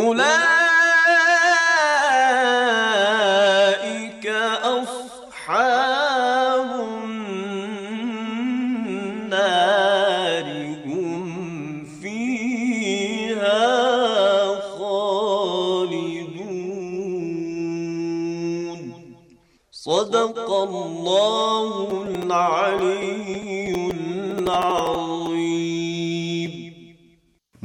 أولئك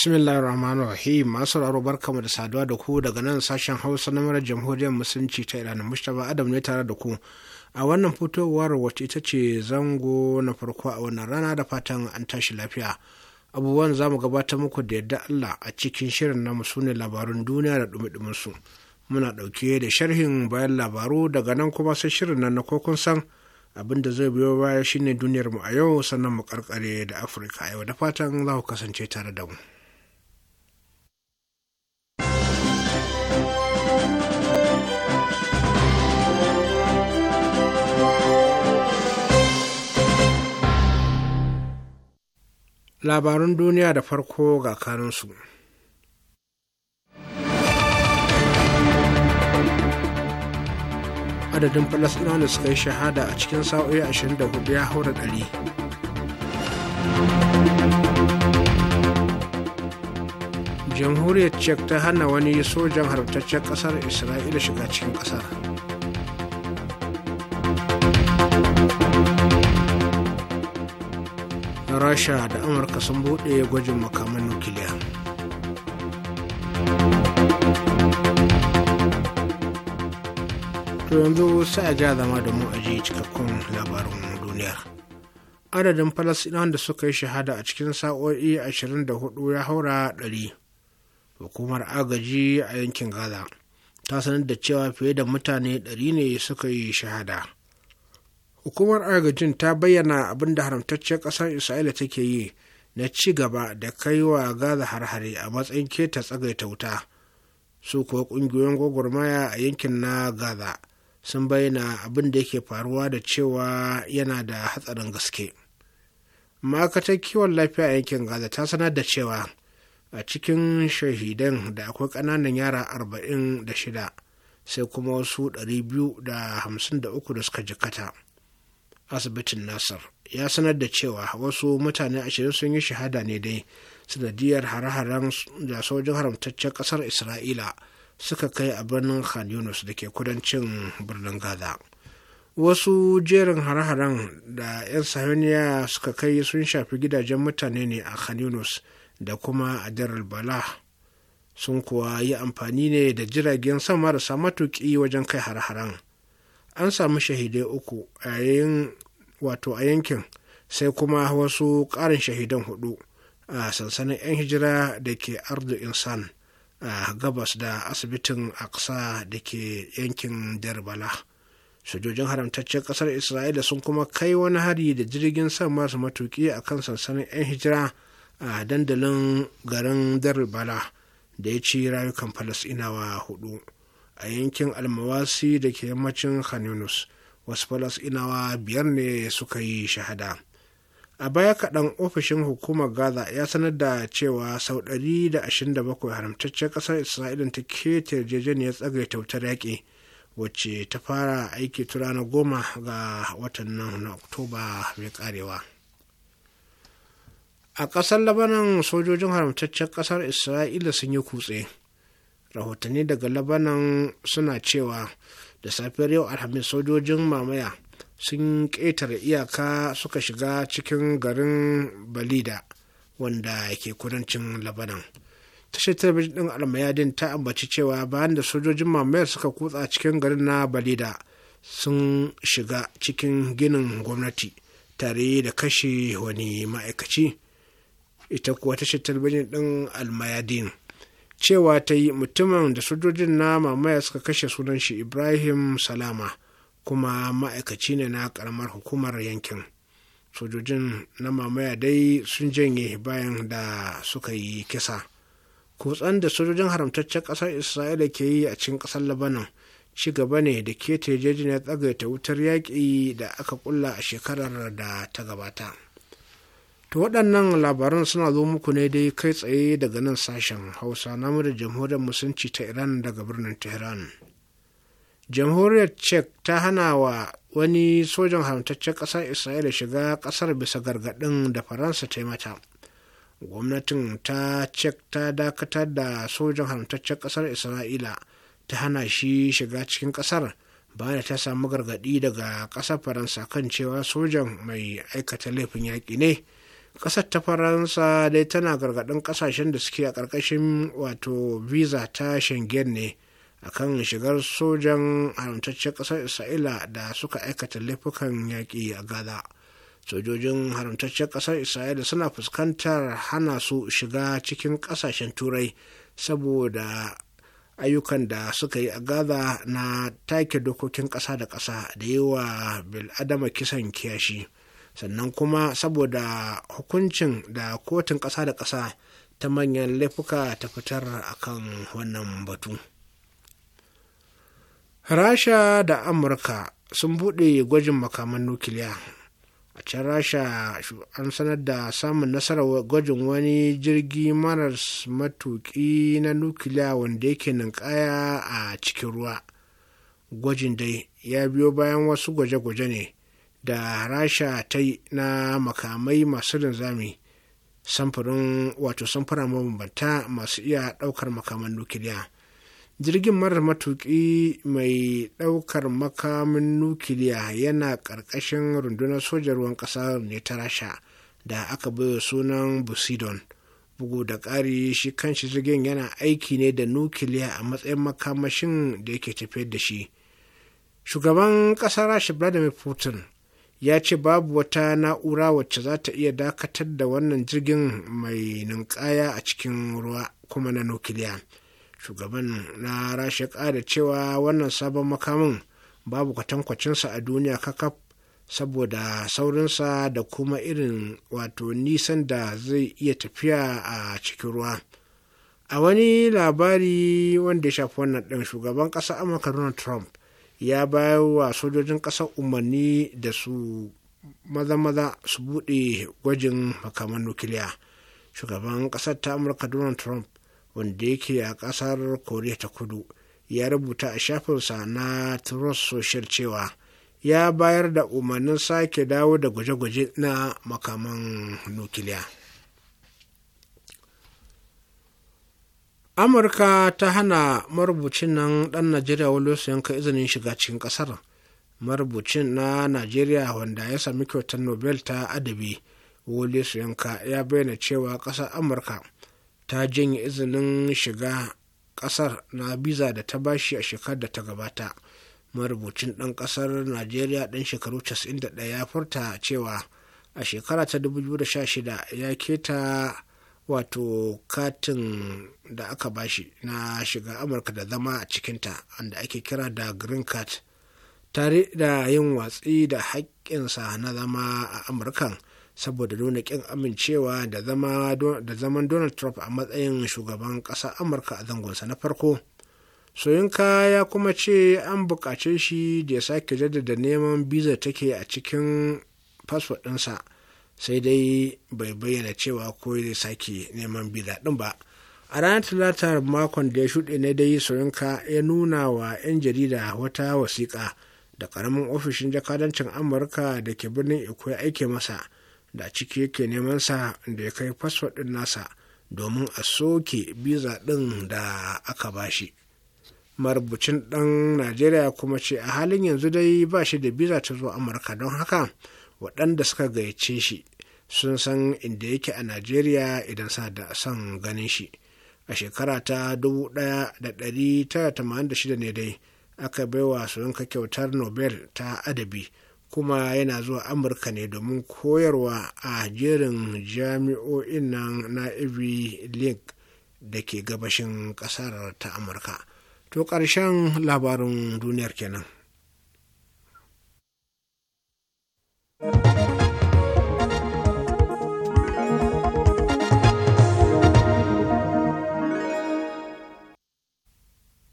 bismillahir rahmanir rahim masu raro barkamu da saduwa da ku daga nan sashen hausa na mara jamhuriyar musulunci ta iran mustapha adam ne tare da ku a wannan fitowar wacce ita ce zango na farko a wannan rana da fatan an tashi lafiya abubuwan za mu gabatar muku da yadda allah a cikin shirin namu su ne labarun duniya da dumi su muna ɗauke da sharhin bayan labaru daga nan kuma sai shirin nan na kokon san abin da zai biyo baya shine duniyar mu a yau sannan mu karkare da afirka yau da fatan za ku kasance tare da mu labarun duniya da farko ga kanunsu. Adadin Falasɗinawa da suka yi shahada a cikin sa'o'i ashirin da 24 ya haura ɗari. Jamhuriyar Czech ta hana wani sojan harbtaccen ƙasar Isra'ila shiga cikin ƙasar. rasha da amurka sun buɗe gwajin makaman nukiliya to yanzu sai a ja zama da mu aji cikakkun labarin duniya. adadin falasɗinawan da suka yi shahada a cikin sa'o'i 24 ya haura 100 hukumar agaji a yankin gaza ta sanar da cewa fiye da mutane 100 ne suka yi shahada hukumar agajin ta bayyana abin da haramtacciyar ƙasar isra'ila take yi na ci gaba da kai wa gaza harhare a matsayin keta tsagaita wuta su kuwa ƙungiyoyin gwagwarmaya a yankin na gaza sun bayyana abin da yake faruwa da cewa yana da hatsarin gaske ma'aikatar kiwon lafiya a yankin gaza ta sanar da cewa a cikin shahidan da akwai ƙananan yara arba'in da shida sai kuma wasu ɗari biyu da hamsin da uku da suka jikkata asibitin nasar ya sanar da cewa wasu mutane ashirin sun yi shahada ne dai sanadiyar hare-haren da sojin haramtaccen kasar isra'ila suka kai a birnin khan yunus da ke kudancin birnin gaza wasu jerin hare-haren da 'yan sahiyoniya suka kai sun shafi gidajen mutane ne a khan yunus da kuma a darar bala sun kuwa yi amfani ne da jiragen sama da matuƙi wajen kai hare-haren an samu shahidai uku a yayin wato a yankin sai kuma wasu ƙarin shahidan hudu a sansanin 'yan hijira da ke ardu insan a gabas da asibitin aksa da ke yankin darbala sojojin haramtaccen kasar isra'ila sun kuma kai wani hari da jirgin san masu matuki a kan sansanin 'yan hijira a dandalin garin darbala da ya ci rayukan falasinawa hudu a yankin almawasi da ke yammacin khan wasu inawa biyar ne suka yi shahada a baya kaɗan ofishin hukumar gaza ya sanar da cewa sau 127 haramtaccen ƙasar isra'ila ta keta yarjejeniyar tsagaita ta'utar yaƙi wacce ta fara aiki ta na goma ga watan nan na oktoba mai karewa a ƙasar labanan sojojin haramtaccen ƙasar isra'ila sun yi kutse rahotanni daga labanan suna cewa da safiyar yau alhamis sojojin mamaya sun ƙetare iyaka suka shiga cikin garin balida wanda ke kudancin labanan tashar talabijin ɗin almayadin ta ambaci cewa bayan da sojojin mamayar suka kutsa cikin garin na balida sun shiga cikin ginin gwamnati tare da kashe wani ma'aikaci ita kuwa tashar talabijin ɗin almayadin cewa ta yi mutumin da sojojin na mamaya suka kashe sunan shi ibrahim salama kuma ma'aikaci ne na karamar hukumar yankin sojojin na mamaya dai sun janye bayan da suka yi kisa kutsan da sojojin haramtaccen ƙasar isra'ila ke yi a cikin ƙasar labanan ci gaba ne da ke ya tsagaita wutar yaƙi da aka ƙulla a shekarar da ta gabata. To waɗannan labaran suna zo muku ne dai kai tsaye daga nan sashen Hausa na da jamhuriyar musulunci ta Iran daga birnin Tehran. Jamhuriyar Czech ta hana wa wani sojan haramtaccen ƙasar Isra'ila shiga ƙasar bisa gargaɗin da Faransa ta yi mata. Gwamnatin ta Czech ta dakatar da sojan haramtaccen ƙasar Isra'ila ta hana shi shiga cikin ƙasar bayan ta samu gargaɗi daga ƙasar Faransa kan cewa sojan mai aikata laifin yaƙi ne. ƙasar ta faransa dai tana gargaɗin ƙasashen da suke a ƙarƙashin wato visa ta shengen ne akan shigar sojan haramtaccen ƙasar isra'ila da suka aikata laifukan yaƙi a gaza sojojin haramtaccen ƙasar isra'ila suna fuskantar hana su shiga cikin ƙasashen turai saboda ayyukan da suka yi a gaza na take dokokin ƙasa da ƙasa da yi wa bil'adama kisan kiyashi. sannan kuma saboda hukuncin da kotun ƙasa da ƙasa ta manyan laifuka ta fitar akan wannan batu rasha da amurka sun buɗe gwajin makaman nukiliya a can rasha an sanar da samun nasarar gwajin wani jirgi maras matuki na nukiliya wanda yake ninkaya a cikin ruwa gwajin dai ya biyo bayan wasu gwaje-gwaje ne da rasha ta yi na makamai masu linzami samfurin wato samfura mabambanta masu iya ɗaukar makaman nukiliya jirgin marar matuki mai ɗaukar makamin nukiliya yana ƙarƙashin rundunar sojan ruwan ƙasar ne ta rasha da aka baiwa sunan busidon bugu da ƙari shi kanshi jirgin yana aiki ne da nukiliya a matsayin makamashin da yake tafiyar da shi shugaban ƙasar rasha vladimir putin ya ce babu wata na'ura wacce za ta iya dakatar da wannan jirgin mai ninkaya a cikin ruwa kuma na nukiliya shugaban na rashe da cewa wannan sabon makamin babu kwatankwacinsa a duniya kakaf saboda saurinsa da kuma irin wato nisan da zai iya tafiya a cikin ruwa a wani labari wanda ya shafi wannan ɗin shugaban ƙasa amurka donald trump ya bayar wa sojojin ƙasar umarni da su maza-maza su buɗe gwajin makaman nukiliya shugaban ƙasar ta amurka donald trump wanda yake a ƙasar koriya ta kudu ya rubuta a shafinsa na truth social cewa ya bayar da umarnin sake dawo da gwaje-gwaje na makaman nukiliya. amurka ta hana marubucin nan ɗan najeriya wallace yanka izinin shiga cikin ƙasar marubucin na najeriya wanda ya sami kyautar nobel ta adabi wallace yanka ya bayyana cewa ƙasar amurka ta janye izinin shiga ƙasar na biza da ta bashi a shekarar da ta gabata marubucin ɗan ƙasar najeriya ɗan shekaru 91 ya furta cewa a shekara ta 2016 ya keta wato katin da aka bashi na shiga amurka da zama a cikinta wanda ake kira da green card tare da yin watsi da haƙƙinsa na zama a amurka saboda nuna ƙin amincewa da zaman donald trump a matsayin shugaban ƙasa amurka a zangonsa na farko soyinka ya kuma ce an buƙace shi da ya sake jaddada neman biza take a cikin fasfo ɗinsa sai dai bai bayyana cewa ko zai sake neman biza din ba a ranar talata makon da ya shuɗe na dai soyinka ya nuna wa 'yan jarida wata wasiƙa da ƙaramin ofishin jakadancin amurka da ke birnin iko ya aike masa da ciki yake neman sa da ya kai fasfot ɗin nasa domin a soke biza din da aka bashi marubucin ɗan najeriya kuma ce a halin yanzu dai ba shi da biza ta zuwa amurka don haka waɗanda suka gayyace shi sun san inda yake a najeriya idan sa da son ganin shi a shekara ta 1986 ne dai aka baiwa soyinka kyautar nobel ta adabi kuma yana zuwa amurka ne domin koyarwa a jerin jami'o'in nan na ivy league da ke gabashin kasar ta amurka to ƙarshen labarin duniyar kenan.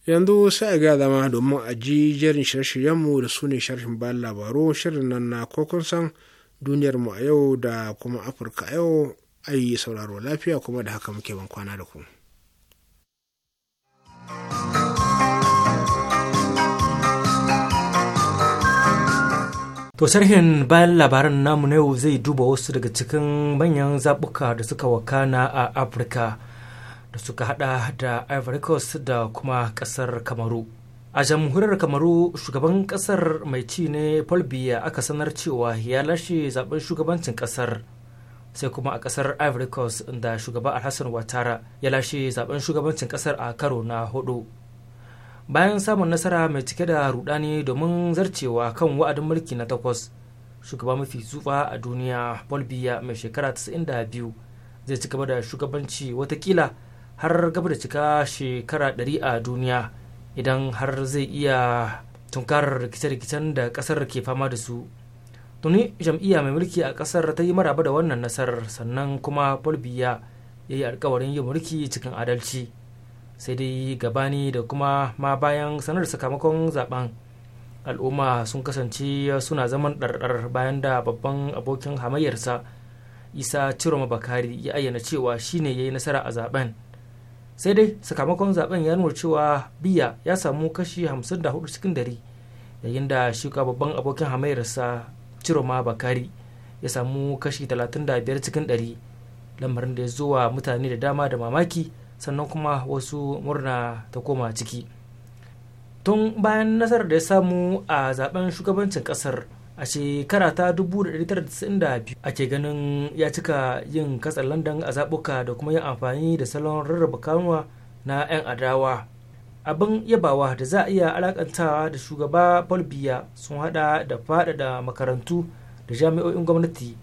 yanzu sai a ga zama domin a ji jerin shirye-shiryenmu da su ne sharhin bayan labaru shirin nan na kokon san duniyar a yau da kuma afirka a yau ayi sauraro lafiya kuma da haka muke ban kwana da ku. To sarhin bayan labaran namu na yau zai duba wasu daga cikin manyan zaɓuka da suka wakana a Afirka. da suka hada da ivory coast da kuma kasar kamaru a jamhuriyar kamaru shugaban kasar mai ci ne paul biya aka sanar cewa ya lashe zaben shugabancin kasar sai kuma a kasar ivory coast da shugaba alhassan watara ya lashe zaben shugabancin kasar a karo na hudu bayan samun nasara mai cike da rudani domin zarcewa kan wa'adin mulki na takwas shugaba mafi zufa a duniya paul biya mai shekara 92 zai cigaba da shugabanci watakila har gaba da cika shekara ɗari a duniya idan har zai iya tunkarar rikice-rikicen da ƙasar ke fama da su tuni jam'iyya mai mulki a ƙasar ta yi maraba da wannan nasarar sannan kuma bolivia ya yi alkawarin yin mulki cikin adalci sai dai gabani da kuma ma bayan sanar sakamakon zaben al'umma sun kasance suna zaman ɗarɗar bayan da babban abokin hamayyarsa isa ciroma bakari ya ayyana cewa shine ya yi nasara a zaben sai dai sakamakon zaben ya nuna cewa biya ya samu kashi 54 cikin dari yayin da shuka babban abokin hamayyarsa ciroma bakari ya samu kashi 35 cikin dari lamarin da ya zo wa mutane da dama da mamaki sannan kuma wasu murna ta koma ciki tun bayan nasarar da ya samu a zaben shugabancin kasar a shekara ta 1992 ake ganin ya cika yin katsar landan a zaɓuka da kuma yin amfani da salon rarraba kanuwa na 'yan adawa abin yabawa da za a iya alakantawa da shugaba falbiya sun hada da faɗaɗa makarantu da jami'o'in gwamnati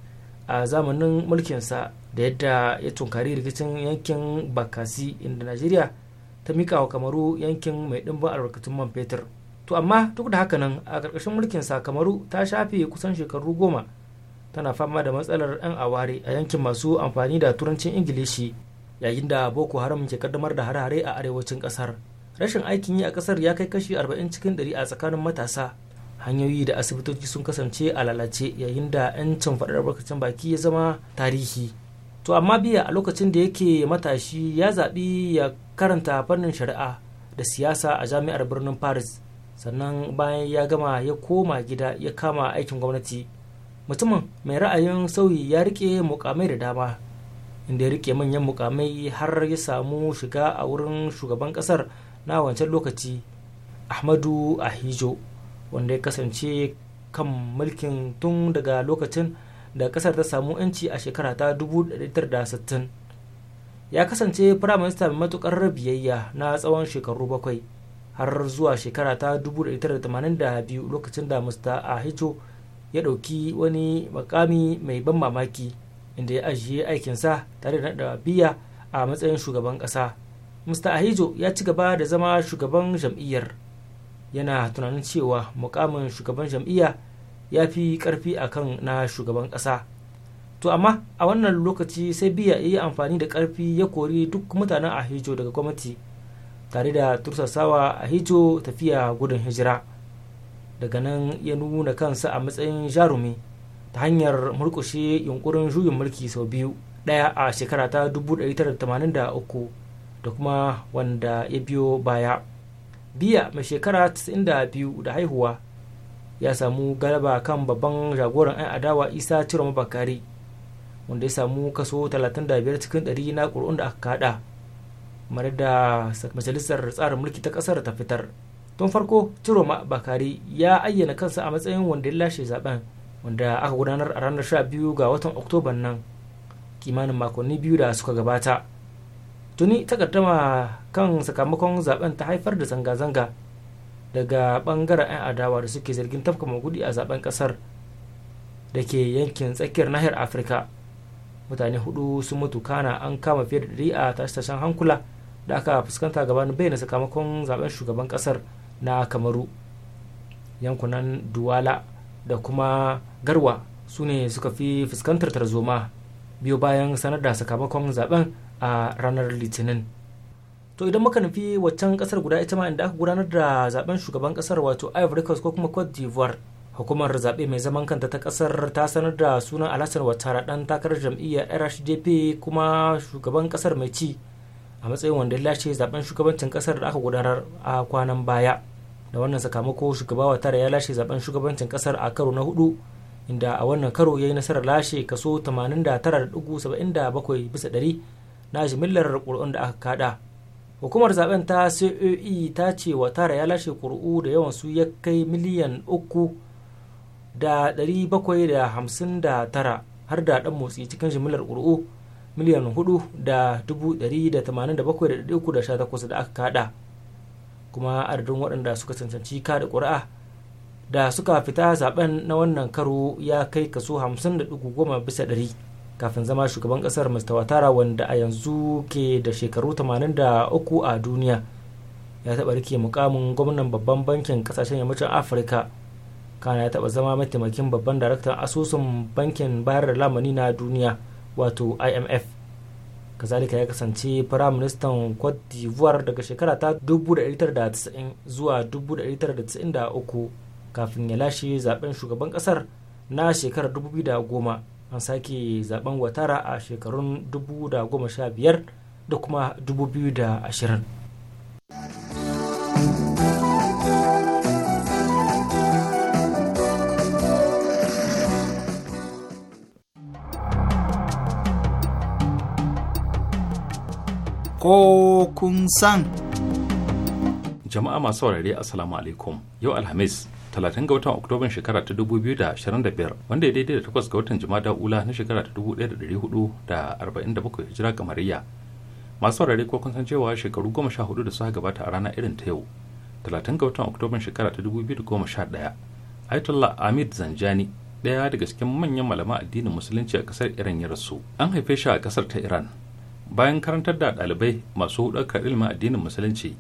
a zamanin mulkinsa da yadda ya tunkari rikicin yankin bakasi inda najeriya ta mika wa kamaru yankin mai ɗimbin albarkatun man fetur to amma duk da haka nan a ƙarƙashin mulkin sakamaru ta shafe kusan shekaru goma tana fama da matsalar 'yan aware a yankin masu amfani da turancin ingilishi yayin da boko haram ke kaddamar da harare a arewacin ƙasar rashin aikin yi a ƙasar ya kai kashi arba'in cikin 100 a tsakanin matasa hanyoyi da asibitoci sun kasance a lalace yayin da 'yancin faɗar albarkacin baki ya zama tarihi to amma biya a lokacin da yake matashi ya zaɓi ya karanta fannin shari'a da siyasa a jami'ar birnin paris sannan bayan ya gama ya koma gida ya kama aikin gwamnati mutumin mai ra'ayin sauyi ya rike mukamai da dama inda ya rike manyan mukamai har ya samu shiga a wurin shugaban kasar na wancan lokaci ahmadu ahijo wanda ya kasance kan mulkin tun daga lokacin da kasar ta samu 'yanci a shekara ta 1960 ya kasance firaminista mai matukar biyayya na tsawon shekaru bakwai har zuwa shekara ta 1982 lokacin da mr ahijo ya ɗauki wani makami mai ban mamaki inda ya ajiye aikinsa tare da naɗa biya a matsayin shugaban ƙasa mr ahijo ya ci gaba da zama shugaban jam'iyyar yana tunanin cewa mukamin shugaban jam'iyya ya fi ƙarfi a kan na shugaban ƙasa to amma a wannan lokaci sai biya ya yi amfani da karfi ya kori duk mutanen ahijo daga gwamnati tare da tursasawa a hijo tafiya gudun hijira daga nan ya nuna kansa a matsayin jarumi ta hanyar murkushe yunkurin juyin mulki sau biyu ɗaya a shekara ta 1983 da kuma wanda ya biyo baya biya mai shekara 92 da haihuwa ya samu galaba kan babban jagoran 'yan adawa isa ciro mabakari wanda ya samu kaso 35 cikin 100 na ƙuri'un da aka kada mara da majalisar tsarin mulki ta kasar ta fitar tun farko ciroma bakari ya ayyana kansa a matsayin wanda ya lashe zaben wanda aka gudanar a ranar 12 ga watan oktoban nan kimanin makonni biyu da suka gabata tuni kaddama kan sakamakon zaben ta haifar da zanga-zanga daga bangaren 'yan adawa da suke zargin tafka magudi a zaben kasar da ke yankin tsakiyar nahiyar afirka mutane hudu sun mutu kana an kama fiye da dari a tashe-tashen hankula da aka fuskanta gabanin bayyana sakamakon zaben shugaban kasar na kamaru yankunan duwala da kuma garwa su ne suka fi fuskantar tarzoma biyu bayan sanar da sakamakon zaben a ranar litinin to idan muka nufi waccan kasar guda ita ma inda aka gudanar da zaben shugaban kasar wato ivory coast ko kuma cote d'ivoire hukumar zaɓe mai zaman kanta ta ƙasar ta sanar da sunan alasan watara ɗan takarar jam'iyyar rhdp kuma shugaban ƙasar mai ci a matsayin wanda ya lashe zaben shugabancin kasar da aka gudanar a kwanan baya da wannan sakamako shugaba watara ya lashe zaben shugabancin kasar a karo na hudu inda a wannan karo ya yi nasarar lashe kaso 89.77 bisa ɗari na jimillar ƙuri'un da aka kada hukumar zaben ta coe ta ce watara ya lashe ƙuri'u da yawan su ya kai miliyan uku da 759 har da ɗan motsi cikin jimillar ƙuri'u miliyan 4,187,318 da aka kada kuma adadin waɗanda suka cancanci kada ƙuri'a da suka fita zaben na wannan karo ya kai kaso 50.10 bisa ɗari kafin zama shugaban ƙasar mr watara wanda a yanzu ke da shekaru 83 a duniya ya taɓa rike mukamin gwamnan babban bankin ƙasashen yammacin afirka kana ya taɓa zama mataimakin babban daraktan asusun bankin bayar da lamani na duniya wato imf kazalika ya kasance firaministan cote d'ivoire daga shekara ta 1990 zuwa 1993 kafin ya lashe zaben shugaban kasar na shekarar 2010 an sake zaben watara a shekarun 2015 da kuma 2020 ko kun san. Jama'a masu saurare Assalamu alaikum yau Alhamis talatin ga watan Oktoban shekara ta 2025 wanda ya daidai da 8 ga watan Jumada Ula na shekara ta 1447 hijira kamariya. Masu saurare ko kun san cewa shekaru 14 da suka gabata a rana irin ta yau 30 ga watan Oktoban shekara ta 2011 Aitullah Ahmed Zanjani ɗaya daga cikin manyan malaman addinin musulunci a kasar Iran ya rasu. An haife shi a kasar ta Iran bayan karantar da ɗalibai masu ɗaukar ilimin addinin musulunci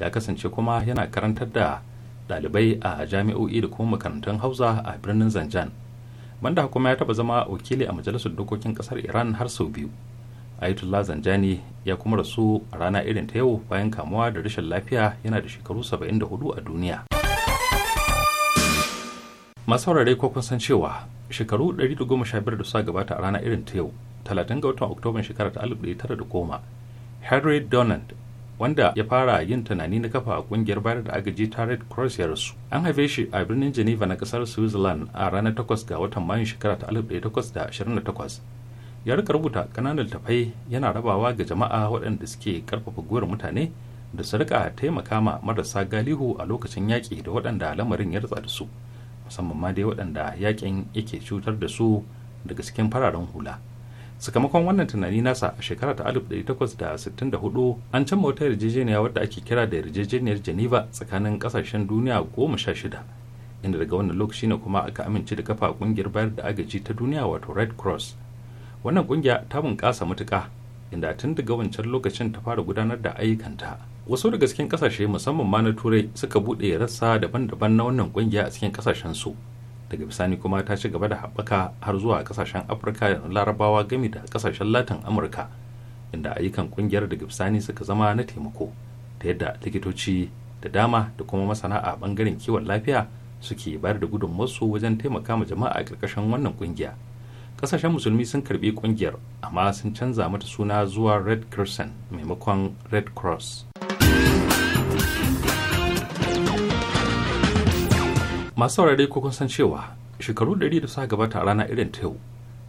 ya kasance kuma yana karantar da ɗalibai a jami'o'i da kuma makarantun hausa a birnin zanjan banda kuma ya taɓa zama wakili a majalisar dokokin ƙasar iran har sau biyu ayatollah zanjani ya kuma rasu a rana irin ta yau bayan kamuwa da rashin lafiya yana da shekaru 74 a duniya masu ko kun san cewa shekaru 115 da suka gabata a rana irin ta yau 30 ga watan oktoban shekarar ta koma. henry donald wanda ya fara yin tunani na kafa a kungiyar bayar da agaji ta red cross ya rasu an haife shi a birnin geneva na kasar switzerland a ranar 8 ga watan mayun shekara ta 1828 ya rika rubuta kananan tafai yana rabawa ga jama'a waɗanda suke ƙarfafa gwiwar mutane da su rika taimaka ma marasa galihu a lokacin yaƙi da waɗanda lamarin ya ratsa da su musamman ma dai waɗanda yaƙin yake cutar da su daga cikin fararen hula. sakamakon wannan tunani nasa a shekara ta 1864 an cimma wata yarjejeniya wadda ake kira da yarjejeniyar geneva tsakanin kasashen duniya goma sha shida inda daga wannan lokaci ne kuma aka amince da kafa kungiyar bayar da agaji ta duniya wato red cross wannan kungiya ta bunƙasa matuka inda tun daga wancan lokacin ta fara gudanar da ayyukanta wasu daga cikin kasashe musamman ma na turai suka buɗe rassa daban-daban na wannan kungiya a cikin kasashen su daga bisani kuma ta ci gaba da haɓaka har zuwa kasashen afirka da larabawa gami da kasashen latin amurka inda ayyukan kungiyar daga bisani suka zama na taimako ta yadda likitoci da dama da kuma masana a bangaren kiwon lafiya suke bayar da gudunmawarsu wajen taimaka ma jama'a a ƙarƙashin wannan kungiya kasashen musulmi sun karbi kungiyar amma sun canza mata suna zuwa red crescent maimakon red cross masu saurare ko kun san cewa shekaru 100 da suka gabata a rana irin ta yau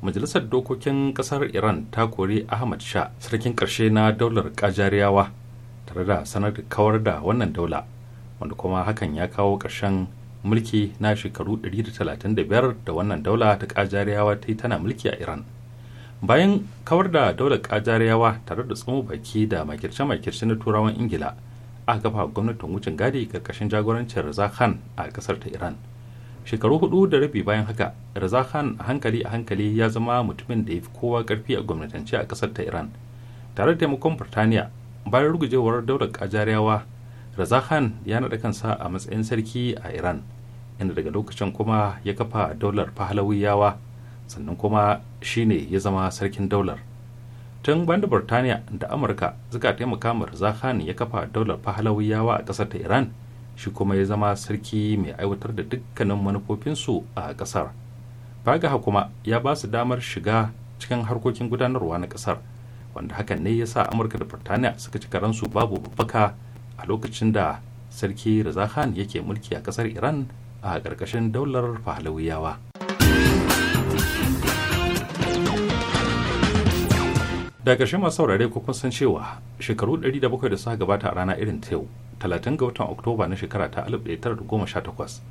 majalisar dokokin kasar iran ta kori ahmad sha sarkin karshe na daular kajariyawa tare da sanar da kawar da wannan daula wanda kuma hakan ya kawo ƙarshen mulki na shekaru 135 da wannan daula ta kajariyawa ta yi tana mulki a iran bayan kawar da daular kajariyawa tare da tsumo baki da makirce-makirce na turawan ingila a kafa gwamnatin wucin gadi karkashin jagorancin Raza Khan a kasar ta Iran. Shekaru hudu da rabi bayan haka, Raza Khan a hankali a hankali ya zama mutumin da ya fi kowa karfi a gwamnatance a kasar ta Iran. Tare da taimakon Burtaniya, bayan rugujewar daular kajariyawa, Raza Khan ya naɗa kansa a matsayin sarki a Iran, inda daga lokacin kuma ya kafa daular Pahlawiyawa, sannan kuma shine ya zama sarkin daular. tun bayan da burtaniya da amurka suka taimaka ma khan ya kafa daular pahlawiyawa a kasar ta iran shi kuma ya zama sarki mai aiwatar da dukkanin manufofinsu a ƙasar ga kuma ya ba su damar shiga cikin harkokin gudanarwa na kasar wanda hakan ne ya sa amurka da burtaniya suka ci karansu babu babbaka a lokacin da sarki Raza Khan yake mulki a kasar Iran a ƙarƙashin daular Pahlawiyawa. da ƙarshe masu saurare ko kun san cewa shekaru 700 da suka gabata a rana irin ta yau 30 ga watan oktoba na shekara ta 1918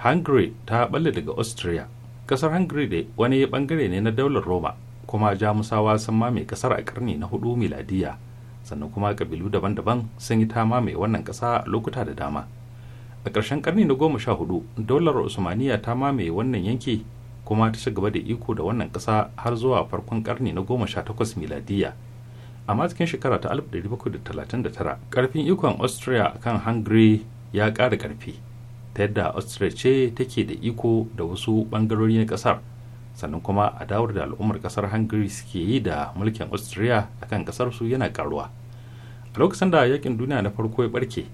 hungary ta balle daga austria ƙasar hungary da wani bangare ne na daular roma kuma jamusawa sun mamaye ƙasar a karni na hudu miladiya sannan kuma kabilu daban-daban sun yi ta mamaye wannan ƙasa lokuta da dama a ƙarshen karni na goma sha hudu daular usmaniya ta mamaye wannan yanki kuma ta ci gaba da iko da wannan ƙasa har zuwa farkon karni na goma sha takwas miladiya amma cikin shekara ta 1739 karfin ikon austria kan hungary ya ƙara ƙarfi ta yadda austria ce take da iko da wasu ɓangarori na ƙasar sannan kuma a dawar da al'ummar ƙasar hungary suke yi da mulkin austria a kan ƙasar su yana ƙaruwa a lokacin da yakin duniya na farko ya ɓarke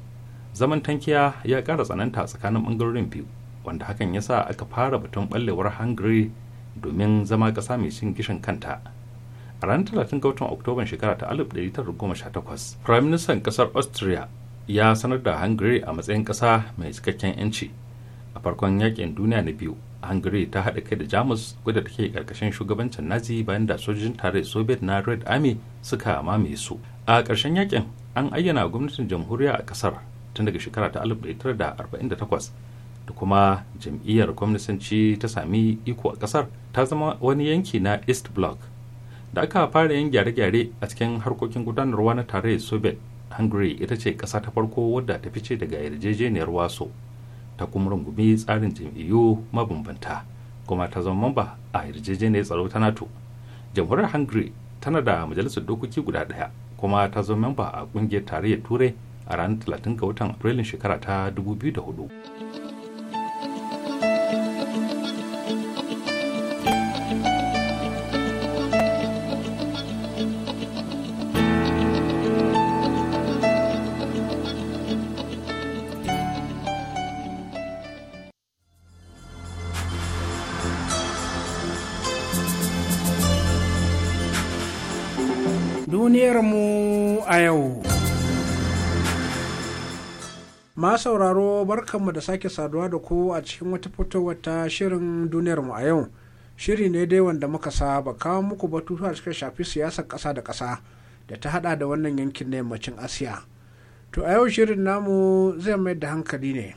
zaman tankiya ya ƙara tsananta tsakanin ɓangarorin biyu wanda hakan ya sa aka fara batun ɓallewar hungary domin zama ƙasa mai cin gishin kanta a ranar talatin ga watan oktoban shekara ta 1918 prime minister ƙasar austria ya sanar da hungary a matsayin ƙasa mai cikakken 'yanci a farkon yakin duniya na biyu hungary ta haɗa kai da jamus wadda take ƙarƙashin shugabancin nazi bayan da sojojin tare soviet na red army suka mamaye su a ƙarshen yakin an ayyana gwamnatin jamhuriya a ƙasar tun daga shekara ta 1948 da kuma jam'iyyar gwamnatanci ta sami iko a kasar ta zama wani yanki na east block da aka fara yin gyare-gyare a cikin harkokin gudanarwa na tarayyar soviet hungary ita ce ƙasa ta farko wadda ta fice daga yarjejeniyar waso ta kuma rungumi tsarin jam'iyyu mabambanta kuma ta zama mamba a yarjejeniyar tsaro ta nato jamhuriyar hungary tana da majalisar dokoki guda daya kuma ta zama mamba a ƙungiyar tarayyar turai a ranar 30 ga watan afrilun shekara ta 2004 shirinmu a yau. Ma sauraro barkanmu da sake saduwa da ku a cikin wata fitowar ta shirin duniyarmu a yau. Shiri ne dai wanda muka saba kawo muku a cikin shafi siyasar ƙasa da ƙasa da ta hada da wannan yankin na yammacin Asiya. To a yau shirin namu zai mai da hankali ne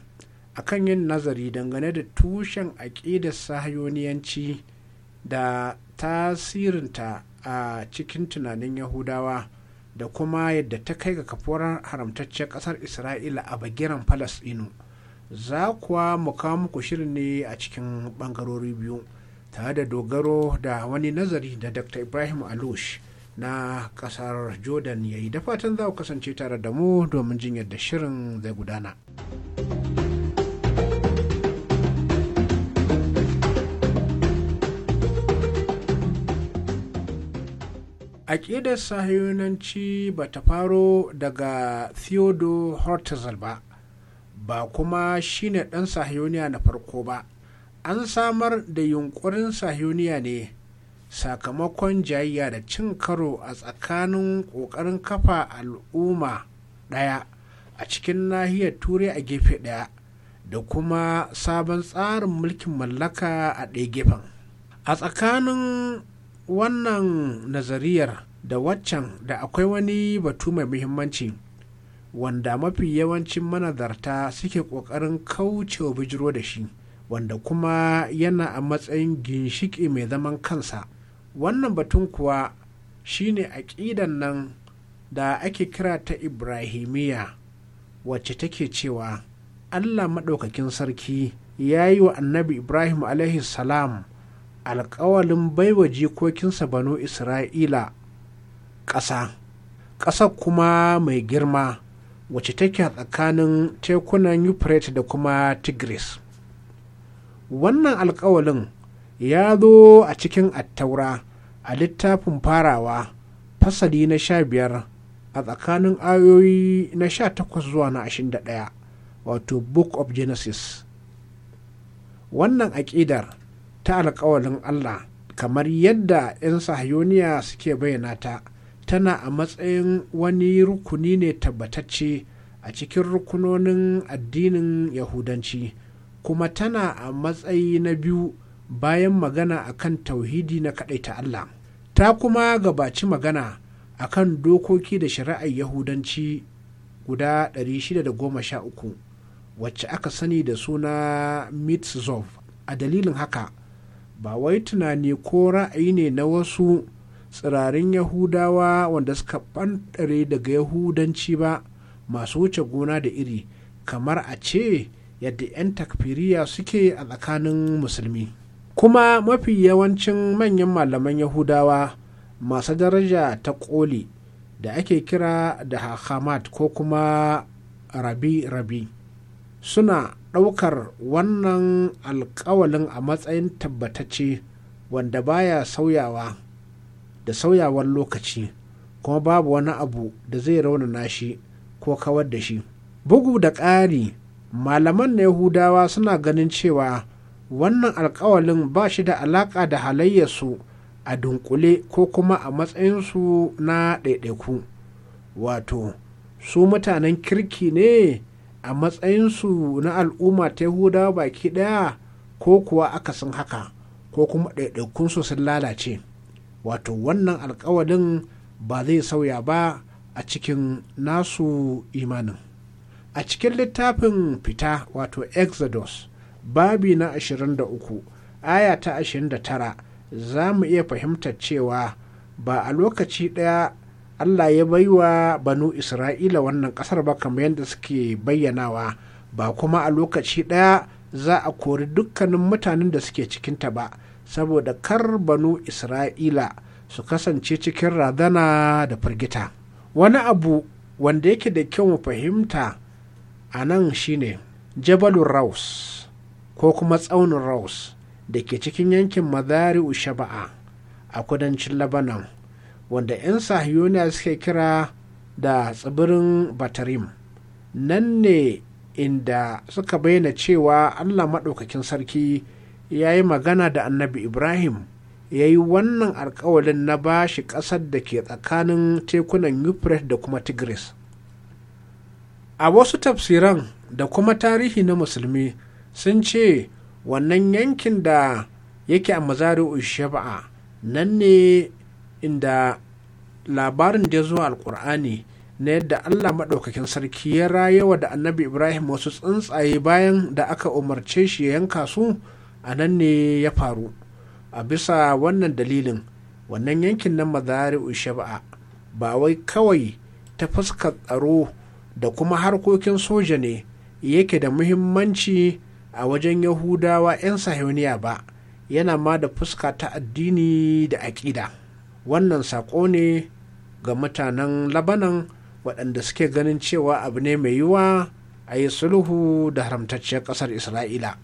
akan yin nazari dangane da tushen aƙidar sahayoniyanci da tasirinta a cikin tunanin yahudawa da kuma yadda ta kai ga kafuwar haramtaccen ƙasar isra'ila a bagiran falasɗinu za kuwa mu kawo muku shirin ne a cikin ɓangarori biyu tare da dogaro da wani nazari da dr ibrahim alush na ƙasar jordan ya yi da fatan za ku kasance tare da mu domin jin yadda shirin zai gudana. aƙidar sahiyonanci ba ta faro daga theodore hortzel ba ba kuma shine ɗan sahiyoniya na farko ba an samar da yunkurin sahiyoniya ne sakamakon jayayya da cin karo a tsakanin ƙoƙarin kafa al'umma ɗaya a cikin nahiyar turai a gefe ɗaya da kuma sabon tsarin mulkin mallaka a ɗaya gefen a tsakanin wannan nazariyar da waccan da akwai wani batu mai muhimmanci wanda mafi yawancin manazarta suke ƙoƙarin kaucewa bijiro da shi wanda kuma yana a matsayin ginshiƙi mai zaman kansa wannan batun kuwa shine aƙidan nan da ake kira ta ibrahimiya wacce take cewa allah maɗaukakin sarki ya yi wa annabi ibrahim salam alkawalin baiwa jikokinsa banu isra'ila ƙasa ƙasa kuma mai girma wacce take tsakanin tekunan euphrates da kuma tigris wannan alkawalin ya zo a cikin attaura a littafin farawa fasali na sha biyar a tsakanin ayoyi na sha takwas zuwa na ashirin da ɗaya wato book of genesis wannan aƙidar ta alkawalin Allah kamar yadda 'yan sahayoniya suke bayyana ta tana a matsayin wani rukuni ne tabbatacce a cikin rukunonin addinin yahudanci kuma tana a matsayi na biyu bayan magana akan tauhidi na ta Allah ta kuma gabaci magana akan dokoki da shari'ar yahudanci guda 613 wacce aka sani da suna mitzvot a dalilin haka ba wai tunani ko ra'ayi ne na wasu tsirarin yahudawa wanda suka ɓantare daga yahudanci ba masu wuce gona da iri kamar a ce yadda 'yan takfiriya suke a tsakanin musulmi kuma mafi yawancin manyan malaman yahudawa masu daraja ta koli da ake kira da hamad ko kuma rabi rabi suna ɗaukar wannan alkawalin a matsayin tabbatacce wanda baya sauyawa da sauyawar lokaci kuma babu wani abu da zai raunana shi ko kawar da shi bugu da ƙari malaman na yahudawa suna ganin cewa wannan alkawalin ba shi da alaƙa da halayyarsu a dunkule ko kuma a matsayinsu na ɗaiɗaiku wato su mutanen kirki ne a matsayinsu na al'umma ta yahuda baki ɗaya ko kuwa akasin haka ko kuma ɗaiɗaikunsu sun lalace wato wannan alkawalin ba zai sauya ba a cikin nasu imanin a cikin littafin fita wato exodus babi na 23 aya ta 29 za mu iya fahimtar cewa ba a lokaci ɗaya allah ya bai wa banu isra'ila wannan ƙasar ba kamar yadda suke bayyanawa ba kuma a lokaci ɗaya za a kori dukkanin mutanen da suke cikinta ba saboda kar banu isra'ila su kasance cikin razana da firgita wani abu wanda yake da kyau mu fahimta a nan shine jabalun raus ko kuma tsaunin raus da ke cikin yankin mazari'u shaba'a a kudancin labanan wanda 'yan sahiyoniya suke kira da tsibirin batarim nan ne inda suka bayyana cewa allah maɗaukakin sarki ya yi magana da annabi ibrahim ya yi wannan alkawalin na ba shi ƙasar da ke tsakanin tekunan euphrates da kuma tigris a wasu tafsiran da kuma tarihi na musulmi sun ce wannan yankin da yake a mazari'u shaba'a nan ne inda labarin da ya zo alkur'ani na yadda allah maɗaukakin sarki ya rayawa da annabi ibrahim wasu tsuntsaye bayan da aka umarce shi ya yanka su a nan ne ya faru a bisa wannan dalilin wannan yankin na mazari shaba'a ba wai kawai ta fuskar tsaro da kuma harkokin soja ne yake da muhimmanci a wajen yahudawa 'yan sahiyoniya ba yana ma da fuska ta addini da aƙida. wannan saƙo ne ga mutanen labanan waɗanda suke ganin cewa abu ne mai yiwa a yi sulhu da haramtacciyar ƙasar isra'ila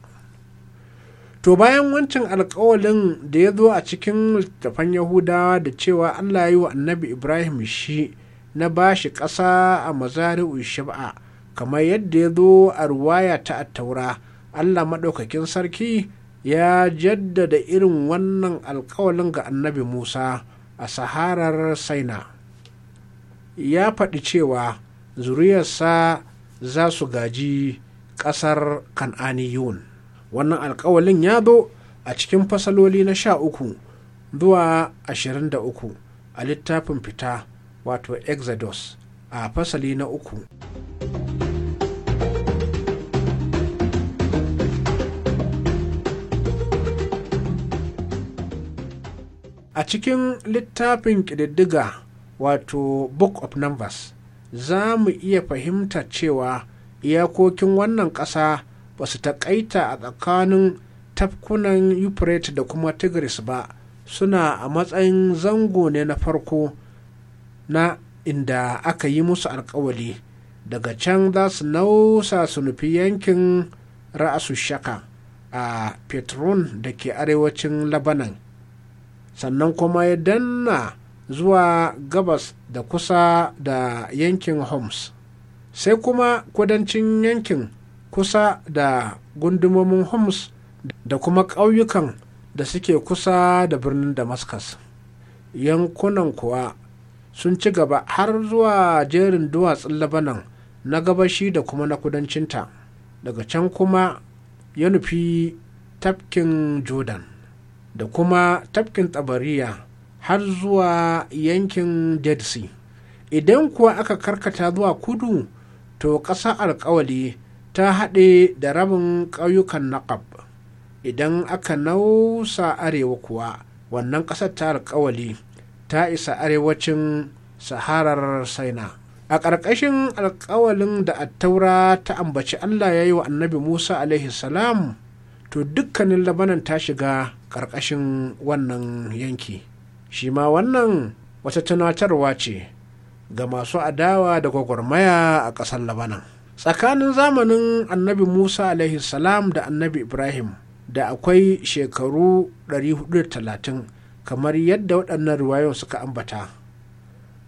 to bayan wancan alkawalin da ya zo a cikin littattafan yahudawa da cewa allah yi wa annabi ibrahim shi na ba shi ƙasa a mazari'u shab'a kamar yadda ya zo a ruwaya ta attaura allah maɗaukakin sarki ya jaddada irin wannan alkawalin ga annabi musa a saharar saina ya faɗi cewa zuriyarsa za su gaji ƙasar kan'aniyun wannan alkawalin ya zo a cikin fasaloli na sha uku zuwa ashirin da uku a littafin fita wato exodus a fasali na uku. a cikin littafin ƙididdiga wato book of numbers za mu iya fahimta cewa iyakokin wannan ƙasa ba su taƙaita a tsakanin tafkunan euphrates da kuma tigris ba suna a matsayin zango ne na farko na inda aka yi musu alkawali daga can za su nausa su nufi yankin ra'asu shaka a petron da ke arewacin labanan sannan kuma ya danna zuwa gabas da kusa da yankin homs sai kuma kudancin yankin kusa da gundumomin homs da kuma ƙauyukan da suke kusa da birnin damascus yankunan kuwa sun ci gaba har zuwa jerin duwatsun labanan na gabashi da kuma na kudancinta daga can kuma ya nufi tafkin jordan da kuma tafkin tsabariya har zuwa yankin dead sea idan kuwa aka karkata zuwa kudu to ƙasa alkawali ta haɗe da rabin ƙauyukan naƙab idan aka nausa arewa kuwa wannan ƙasar ta alkawali ta isa arewacin saharar saina a ƙarƙashin alkawalin da attaura ta ambaci allah ya yi wa annabi musa alaihi salam to dukkanin labanan ta shiga ƙarƙashin wannan yanki shi ma wannan wata tunatarwa ce ga masu adawa da gwagwarmaya a ƙasar labanan tsakanin zamanin annabi musa salam da annabi ibrahim da akwai shekaru 430 kamar yadda waɗannan riwayoyin suka ambata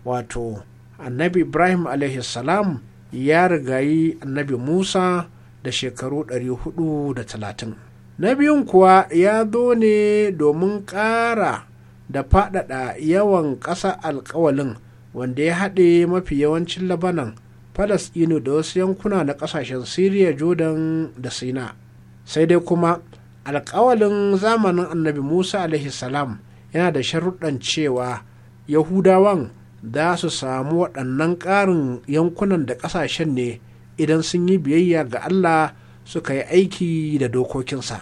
wato annabi ibrahim salam ya rigayi annabi musa da shekaru 430 na biyun kuwa ya zo ne domin ƙara da faɗaɗa yawan ƙasa alkawalin wanda ya haɗe mafi yawancin labanan falasɗinu da wasu yankuna na ƙasashen siriya jordan da sina sai dai kuma alkawalin zamanin annabi musa salam yana da sharuɗan cewa yahudawan za su samu waɗannan ƙarin yankunan da ƙasashen ne idan sun yi biyayya ga allah suka yi aiki da dokokinsa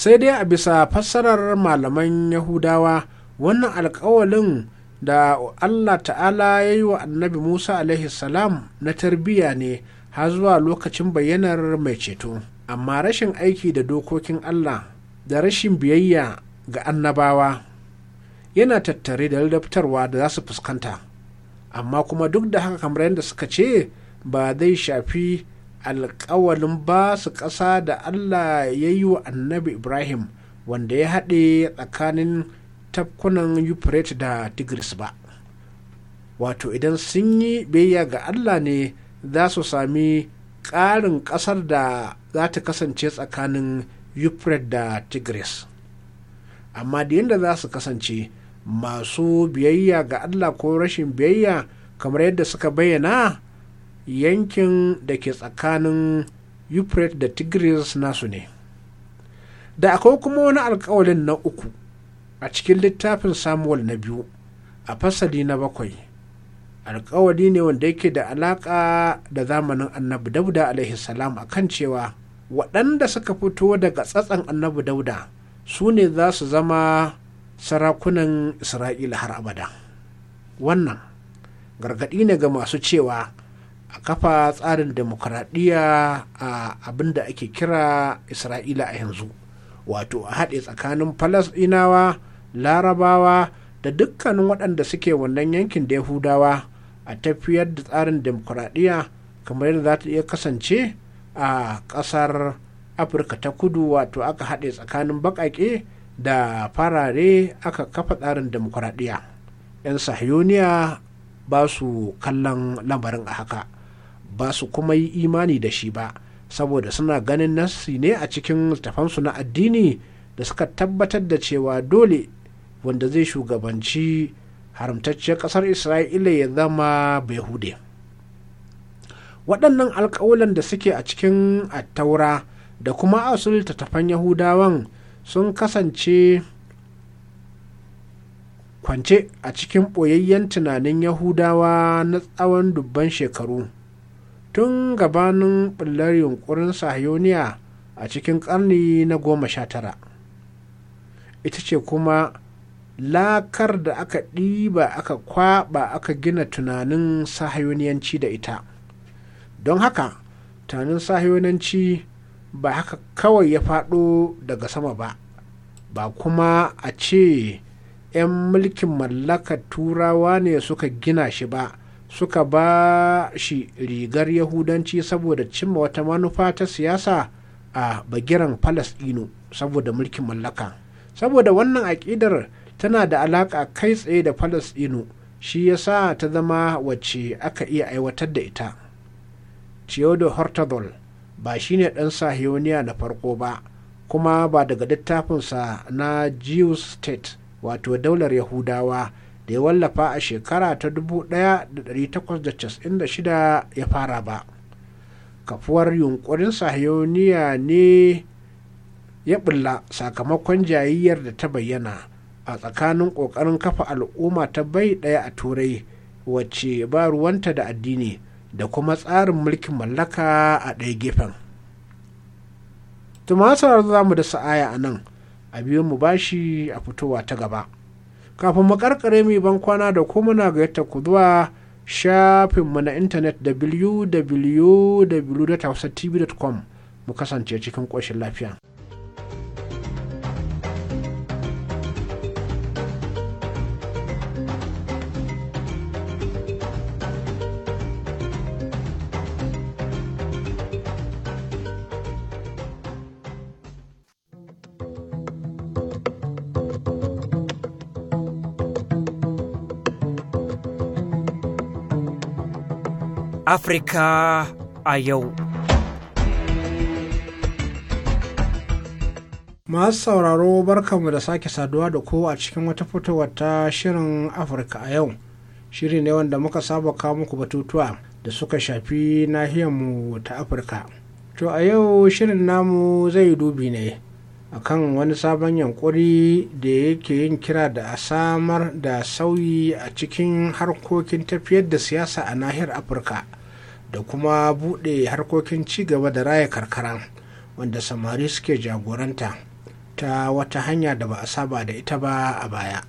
sai dai a bisa fassarar malaman yahudawa wannan alkawalin da allah ta'ala ya yi wa annabi musa salam na tarbiyya ne har zuwa lokacin bayyanar mai ceto amma rashin aiki da dokokin allah da rashin biyayya ga annabawa yana tattare da ladabtarwa da za su fuskanta amma kuma duk da haka kamar yadda suka ce ba zai shafi alkawalin ba su ƙasa da allah ya yi wa annabi ibrahim wanda ya haɗe tsakanin tafkunan euphrates da tigris ba wato idan sun yi biyayya ga allah ne za su sami ƙarin ƙasar da za ta kasance tsakanin euphrates da tigris amma da yadda za su kasance masu biyayya ga allah ko rashin biyayya kamar yadda suka bayyana yankin da ke tsakanin euphrates da tigris nasu ne da akwai kuma wani alkawalin na uku a cikin littafin samuel na biyu a fasali na bakwai alkawali ne wanda yake da alaka da zamanin annabi dauda alaihi salam kan cewa waɗanda suka fito daga tsatsan annabi dauda su ne za su zama sarakunan isra'ila har abada wannan gargaɗi ne ga masu cewa a kafa tsarin demokuraɗiyya a abinda ake kira isra'ila a yanzu wato a haɗe tsakanin falasɗinawa larabawa da dukkanin waɗanda suke wannan yankin da yahudawa a tafiyar da tsarin demokuraɗiyya kamar yadda za ta iya kasance a ƙasar afirka ta kudu wato aka haɗe tsakanin baƙaƙe da farare aka kafa tsarin demokuraɗiyya 'yan sahiyoniya ba su kallon lamarin a haka ba su kuma yi imani da shi ba saboda suna ganin nasi ne a cikin littafansu na addini da suka tabbatar da cewa dole wanda zai shugabanci haramtacciyar ƙasar isra'ila ya zama behude waɗannan alƙawulan da suke a cikin attaura da kuma asul littattafan yahudawan sun kasance kwance a cikin ɓoyayyen tunanin yahudawa na tsawon dubban shekaru tun gabanin ɓullar yunkurin sahayoniya a cikin ƙarni na goma sha tara ita ce kuma lakar da aka ɗiba aka kwaɓa aka gina tunanin sahayoniyanci da ita don haka tunanin sahayoniyanci ba haka kawai ya faɗo daga sama ba ba kuma a ce 'yan mulkin mallakar turawa ne suka gina shi ba suka ba shi rigar yahudanci saboda cimma wata manufa ta siyasa a bagiran falasɗinu saboda mulkin mallaka saboda wannan aƙidar tana da alaƙa kai tsaye da falasɗinu shi ya sa ta zama wacce aka iya aiwatar da ita Theodore hortadol ba shine ɗan sahioniya na farko ba kuma ba daga littafinsa na jew state wato daular yahudawa da ya wallafa a shekara ta 1896 ya fara ba kafuwar yunkurin sahiyoniya ne ya bulla sakamakon jayayyar da ta bayyana a tsakanin ƙoƙarin kafa al'umma ta bai ɗaya a turai wacce ba ruwanta da addini da kuma tsarin mulkin mallaka a ɗaya gefen tumasar za mu da sa'aya a nan a biyu mu bashi a fitowa ta gaba kafin mu karkare mai ban kwana da ku muna gayyata ku zuwa shafinmu na intanet www.hausatv.com mu kasance cikin koshin lafiya. Afirka a yau. Masu sauraro barkanmu da sake saduwa da ku a cikin wata fitowa ta shirin Afirka a yau. Shiri ne wanda muka saba kawo muku batutuwa da suka shafi nahiyarmu ta Afirka. To a yau shirin namu zai dubi ne kan wani sabon yankuri da yake yin kira da a samar da sauyi a cikin harkokin tafiyar da siyasa a nahiyar Afirka. da kuma buɗe harkokin ci gaba da raya karkara wanda samari suke jagoranta ta wata hanya da ba a saba da ita ba a baya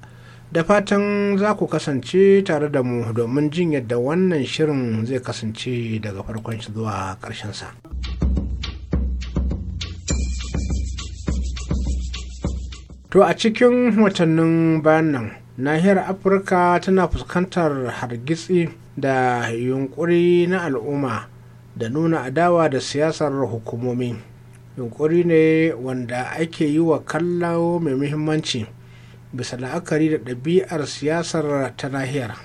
da fatan za ku kasance tare da mu domin jin yadda wannan shirin zai kasance daga farkon zuwa ƙarshensa. To a cikin watannin bayan nan, nahiyar Afirka tana fuskantar hargitsi da yunkuri na al'umma da nuna adawa da siyasar hukumomi yunkuri ne wanda ake yi wa kallo mai muhimmanci bisa la'akari da ɗabi'ar siyasar ta nahiyar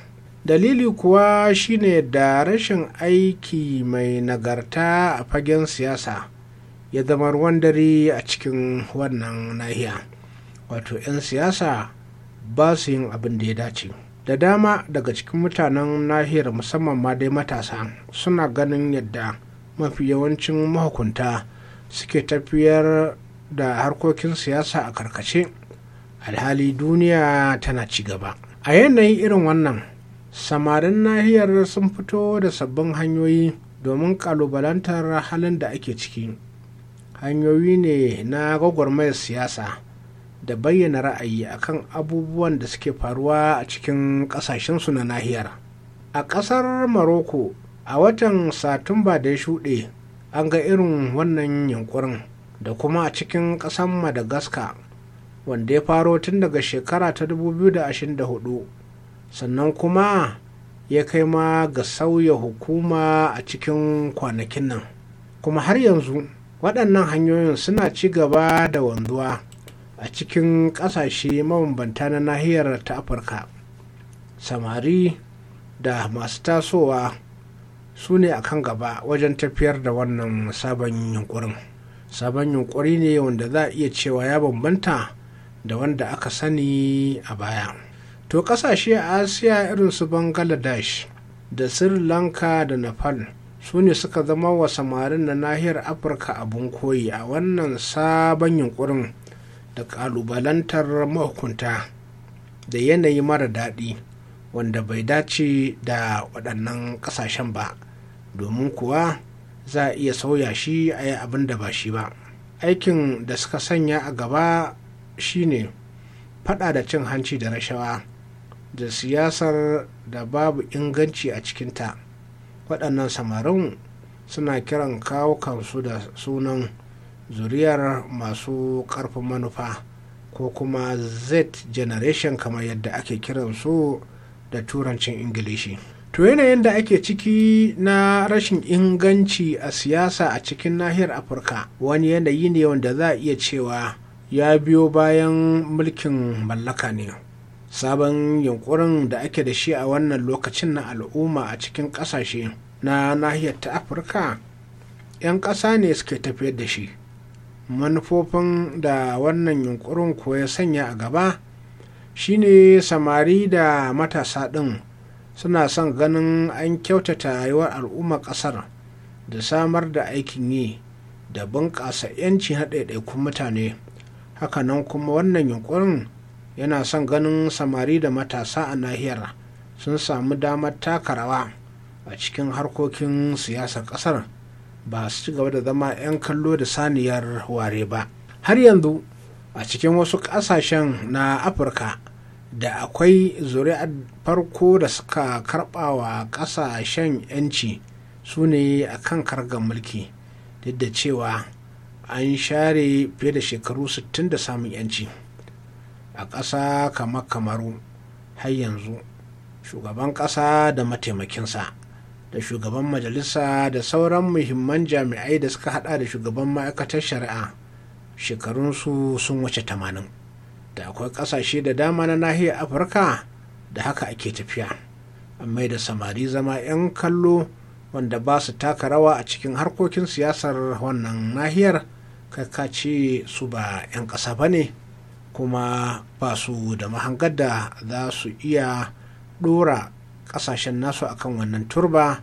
dalili kuwa shine da rashin aiki mai nagarta a fagen siyasa ya zama ruwan dare a cikin wannan nahiya wato 'yan siyasa ba su yin abin da ya dace da dama daga cikin mutanen nahiyar musamman ma dai matasa suna ganin yadda mafi yawancin mahukunta suke tafiyar da harkokin siyasa a karkace alhali duniya tana ci gaba a yanayin irin wannan samarin nahiyar sun fito da sabbin hanyoyi domin kalubalantar halin da ake ciki hanyoyi ne na gwagwarmayar siyasa da bayyana ra'ayi akan abubuwan da suke faruwa a cikin ƙasashensu na nahiyar a ƙasar maroko a watan satumba da ya shuɗe an ga irin wannan yunƙurin. da kuma a cikin ƙasar madagascar wanda ya faro tun daga shekara ta 2024 sannan kuma ya kai ma ga sauya hukuma a cikin kwanakin nan kuma har yanzu waɗannan hanyoyin suna ci gaba da wanzuwa a cikin ƙasashe mabambanta na nahiyar ta afirka samari da masu tasowa su ne a kan gaba wajen tafiyar da wannan sabon yunkurin sabon yunkuri ne wanda za a iya cewa ya bambanta da wanda aka sani a baya to ƙasashe a asiya irin su bangladesh da sri lanka da nepal su ne suka zama wa samarin na nahiyar afirka abun koyi a wannan sabon yunkurin da ƙalubalantar mahukunta da yanayi mara daɗi wanda bai dace da waɗannan ƙasashen ba domin kuwa za a iya sauya shi a yi abin da ba shi ba aikin da suka sanya a gaba shine faɗa da cin hanci da rashawa da siyasar da babu inganci a cikinta waɗannan samarin suna kiran kawo kansu da sunan zuriyar masu ƙarfin manufa ko kuma z generation kamar yadda ake kiran su da turancin ingilishi to yanayin da ake ciki na rashin inganci a siyasa a cikin nahiyar afirka wani yanayi ne wanda za a iya cewa ya biyo bayan mulkin mallaka ne sabon yunkurin da ake da shi a wannan lokacin na al'umma a cikin ƙasashe na nahiyar ta afirka 'yan ƙasa ne suke tafiyar da shi manufofin da wannan yunkurin ko ya sanya a gaba shine samari da matasa ɗin suna son ganin an kyautata rayuwar al'umma ƙasar da samar da aikin yi da bunƙasa 'yanci na ɗaiɗaikun mutane hakanan kuma wannan yunkurin yana son ganin samari da matasa a nahiyar sun samu damar taka rawa a cikin harkokin siyasar ƙasar ba su ci gaba da zama 'yan kallo da saniyar ware ba har yanzu a cikin wasu ƙasashen na afirka da akwai zuri'ar farko da suka karɓa wa ƙasashen 'yanci su ne a kan kargar mulki duk da cewa an share fiye da shekaru 60 da samun 'yanci a ƙasa kamar kamaru har yanzu shugaban ƙasa da mataimakinsa da shugaban majalisa da sauran muhimman jami'ai da suka hada da shugaban ma'aikatar shari'a shekarunsu sun wuce tamanin da akwai kasashe da dama na nahiyar afirka da haka ake tafiya amma da samari zama 'yan kallo wanda ba su taka rawa a cikin harkokin siyasar wannan nahiyar kakaci su ba 'yan ƙasa ba ne kuma ba su da mahangar da za su iya dora ƙasashen nasu akan wannan turba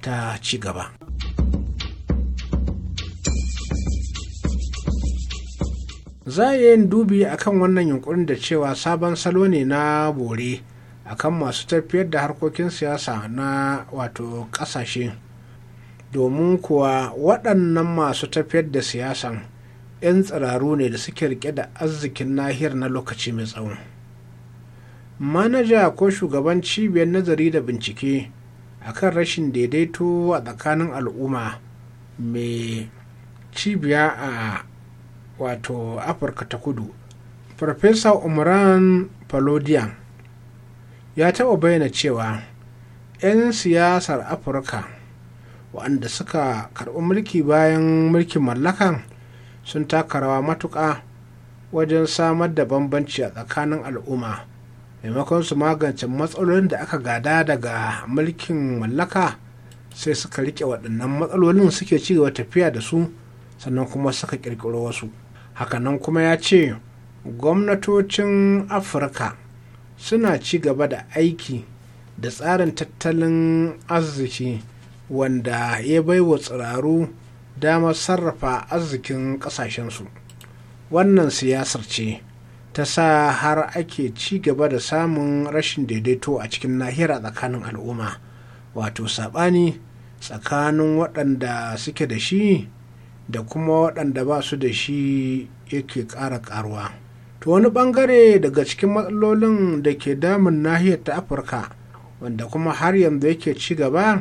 ta ci gaba. za a yin dubi akan wannan yunkurin da cewa sabon salo ne na bore akan masu tafiyar da harkokin siyasa na wato ƙasashe domin kuwa waɗannan masu tafiyar da siyasan 'yan tsiraru ne da suke rike da arzikin nahiyar na lokaci mai tsawo. manaja ko shugaban cibiyar nazari da bincike akan rashin daidaito a tsakanin al'umma mai cibiya a wato afirka ta kudu farfesa umran palodian ya taɓa bayyana cewa 'yan siyasar afirka waɗanda suka karɓi mulki bayan mulkin mallakan sun taka rawa matuƙa wajen samar da bambanci a tsakanin al'umma maimakon su magance matsalolin da aka gada daga mulkin mallaka sai suka rike waɗannan matsalolin suke ci gaba tafiya da su sannan kuma suka ƙirƙiro wasu hakanan kuma ya ce gwamnatocin afirka suna ci gaba da aiki da tsarin tattalin arziki wanda ya bai wa tsiraru damar sarrafa arzikin ƙasashensu wannan siyasar ce ta sa har ake ci gaba da samun rashin daidaito a cikin nahiyar a tsakanin al'umma wato saɓani tsakanin waɗanda suke da shi da kuma waɗanda ba su da shi yake ƙara ƙaruwa to wani ɓangare daga cikin matsalolin da ke damun nahiyar ta afirka wanda kuma har yanzu yake ci gaba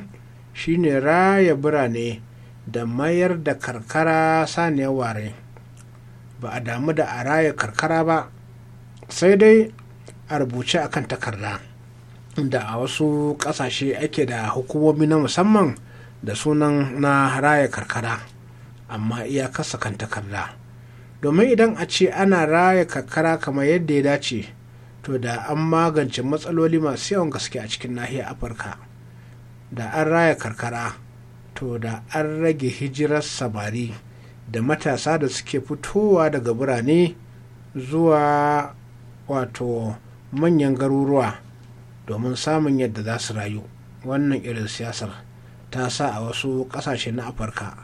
shine raya birane da mayar da karkara saniyar ware ba a damu da a raya karkara ba sai dai a rubuce a kan takarda da a wasu ƙasashe ake da hukumomi na musamman da sunan na raya karkara amma iya kasa kan takarda domin idan a ce ana raya karkara kamar yadda ya dace to da an magance matsaloli masu yawan gaske a cikin nahiyar afirka da an raya karkara to da an rage hijirar samari da matasa da suke fitowa daga birane zuwa wato manyan garuruwa domin samun yadda za su rayu wannan irin siyasar ta sa a wasu ƙasashe na afirka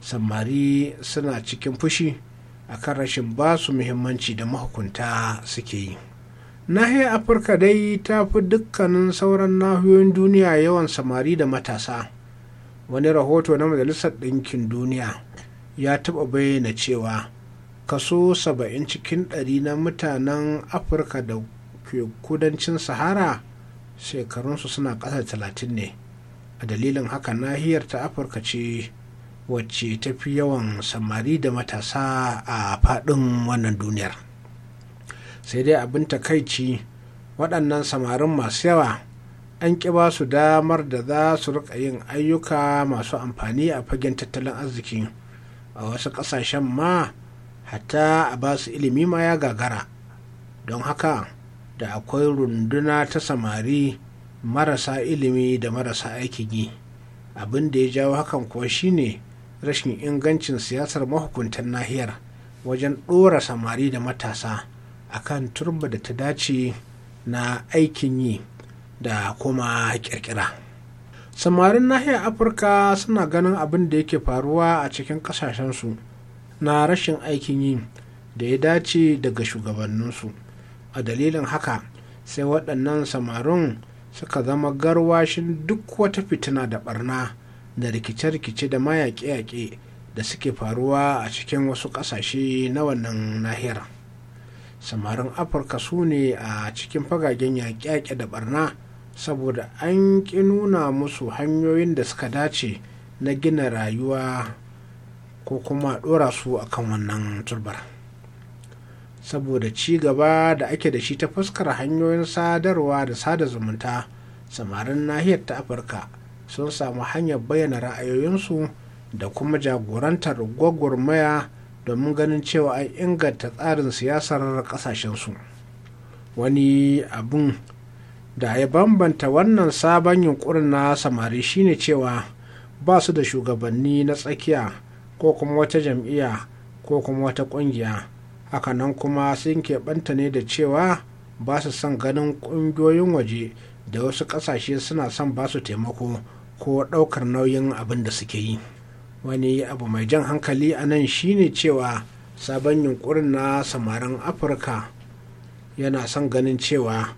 samari suna cikin fushi akan rashin basu muhimmanci da mahukunta suke yi nahiyar afirka dai ta fi dukkanin sauran nahiyoyin duniya yawan samari da matasa wani rahoto na majalisar ɗinkin duniya ya taɓa bayyana cewa kaso 70 cikin ɗari na mutanen afirka da ke kudancin sahara shekarunsu suna ƙasa 30 ne a dalilin haka nahiyar ta afirka ce wacce ta fi yawan samari da matasa a faɗin wannan duniyar sai dai abin takaici waɗannan samarin masu yawa an ƙi ba su damar da za su rika yin ayyuka masu amfani a fagen tattalin arziki a wasu ƙasashen ma hatta a ba su ilimi ma ya gagara don haka da akwai runduna ta samari marasa ilimi da marasa aikin yi abin da ya jawo hakan kuwa shine rashin ingancin siyasar mahukuntar nahiyar wajen ɗora samari da matasa akan turba da ta dace na aikin yi da kuma kirkira samarin nahiyar afirka suna ganin abin da yake faruwa a cikin ƙasashensu na rashin aikin yi da ya dace daga shugabanninsu a dalilin haka sai waɗannan samarin suka zama garwashin duk wata fitina da barna da rikice-rikice da mayaƙe-yaƙe da suke faruwa a cikin wasu ƙasashe na wannan nahiyar samarin afirka su ne a cikin fagagen yaƙe-yaƙe da barna saboda an ƙi nuna musu hanyoyin da suka dace na gina rayuwa ko kuma ɗora su akan wannan turbar saboda ci gaba da ake da shi ta fuskar hanyoyin sadarwa da sada zumunta samarin nahiyar ta afirka sun samu hanyar bayyana ra'ayoyinsu da kuma jagorantar gwagwarmaya domin ganin cewa an inganta tsarin siyasar kasashensu wani abin da ya bambanta wannan sabon yunkurin na samari shine cewa ba su da shugabanni na tsakiya ko kuma wata jam'iyya ko kuma wata ƙungiya hakanan kuma sun keɓanta ne da cewa ba su son ganin ƙungiyoyin waje da wasu ƙasashe suna son ba su taimako ko ɗaukar nauyin abin da suke yi wani abu mai jan hankali a nan shine cewa sabon yunkurin na samarin afirka yana son ganin cewa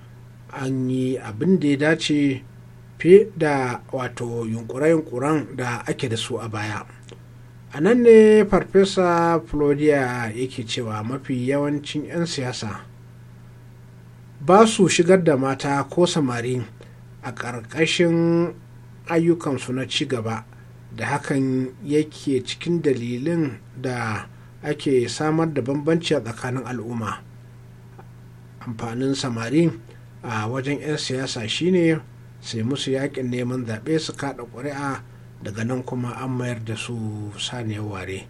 an yi abin da ya dace fi da wato yunkure-yunkuren da ake da su a baya. a nan ne farfesa florida yake cewa mafi yawancin 'yan siyasa ba su shigar da mata ko samari a ƙarƙashin ayyukansu na ci gaba da hakan yake cikin dalilin da ake samar da bambanci a tsakanin al'umma amfanin samari a wajen 'yan siyasa shine sai musu yakin neman zaɓe su kaɗa ƙuri'a daga nan kuma an mayar da su saniyar ware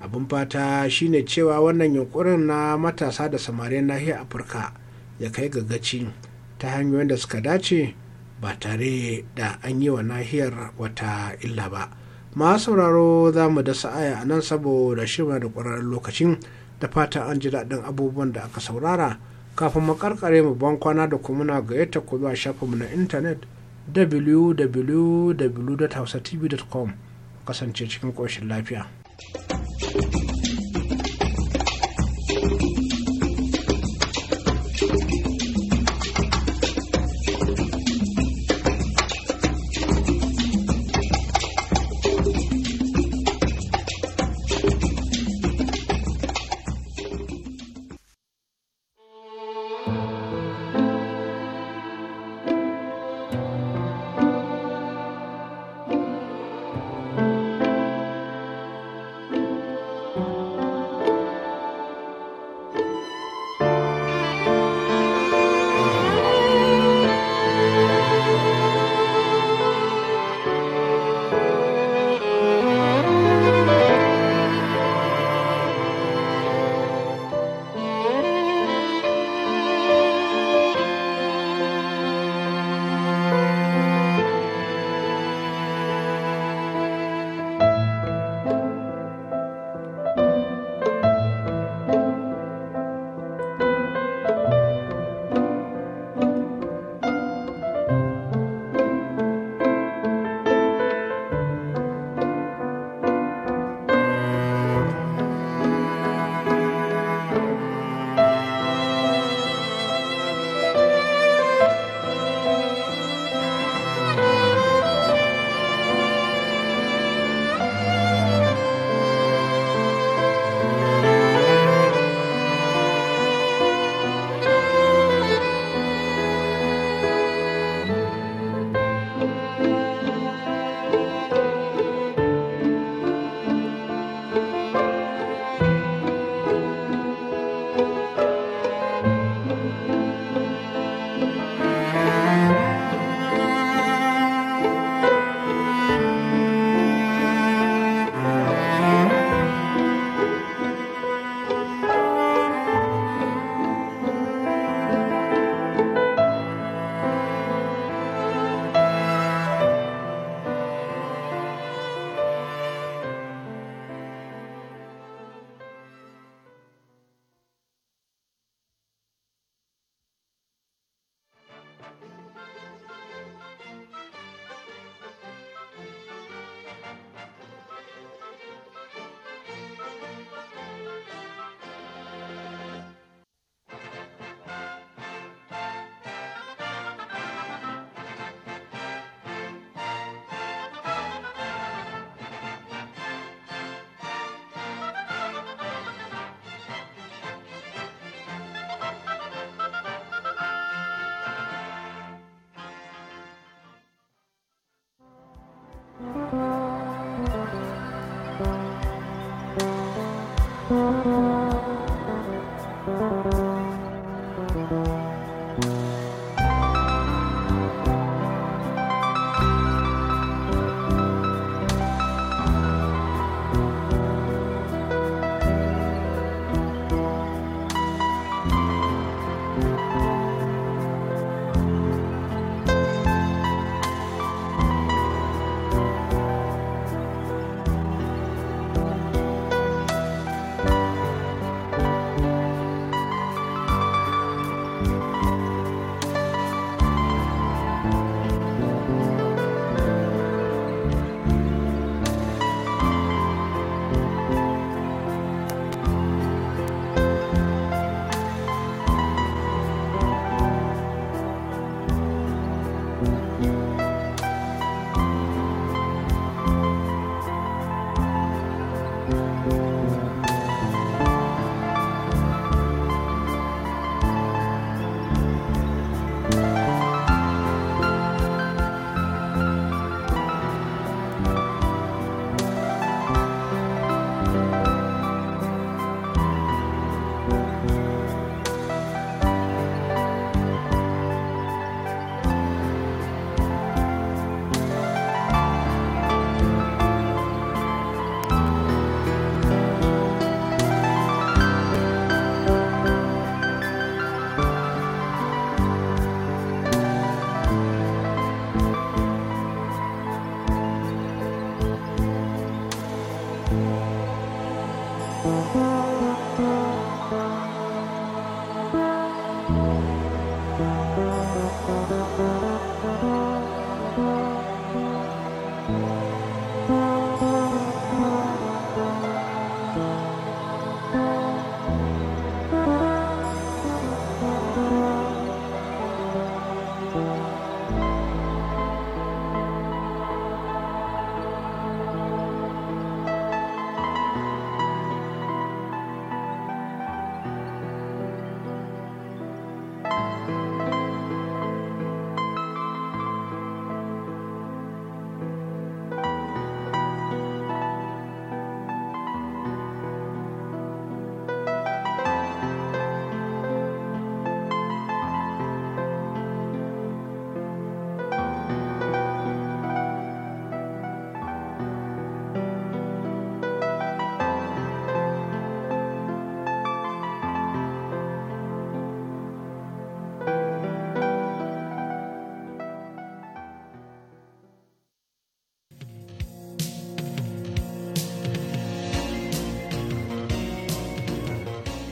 abin fata shine cewa wannan yunkurin na matasa da samarin nahiyar afirka ya kai ga ta hanyoyin da suka dace ba tare da an yi wa nahiyar wata illa ba ma sauraro za mu da sa'aya a nan saboda shirma da ƙwararren lokacin da fatan an ji daɗin abubuwan da aka saurara kafin mu karkare mu ban kwana da kuma na gayyata ku zuwa shafinmu na intanet www.hausatv.com kasance cikin ƙoshin lafiya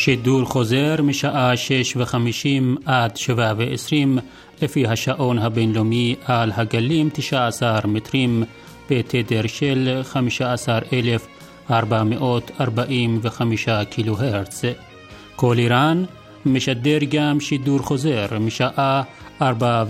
שידור חוזר משעה 6:50 עד 7:20 לפי השעון הבינלאומי על הגלים 19 מטרים בתדר של 15,445 קילו הרץ. כל איראן משדר גם שידור חוזר משעה 4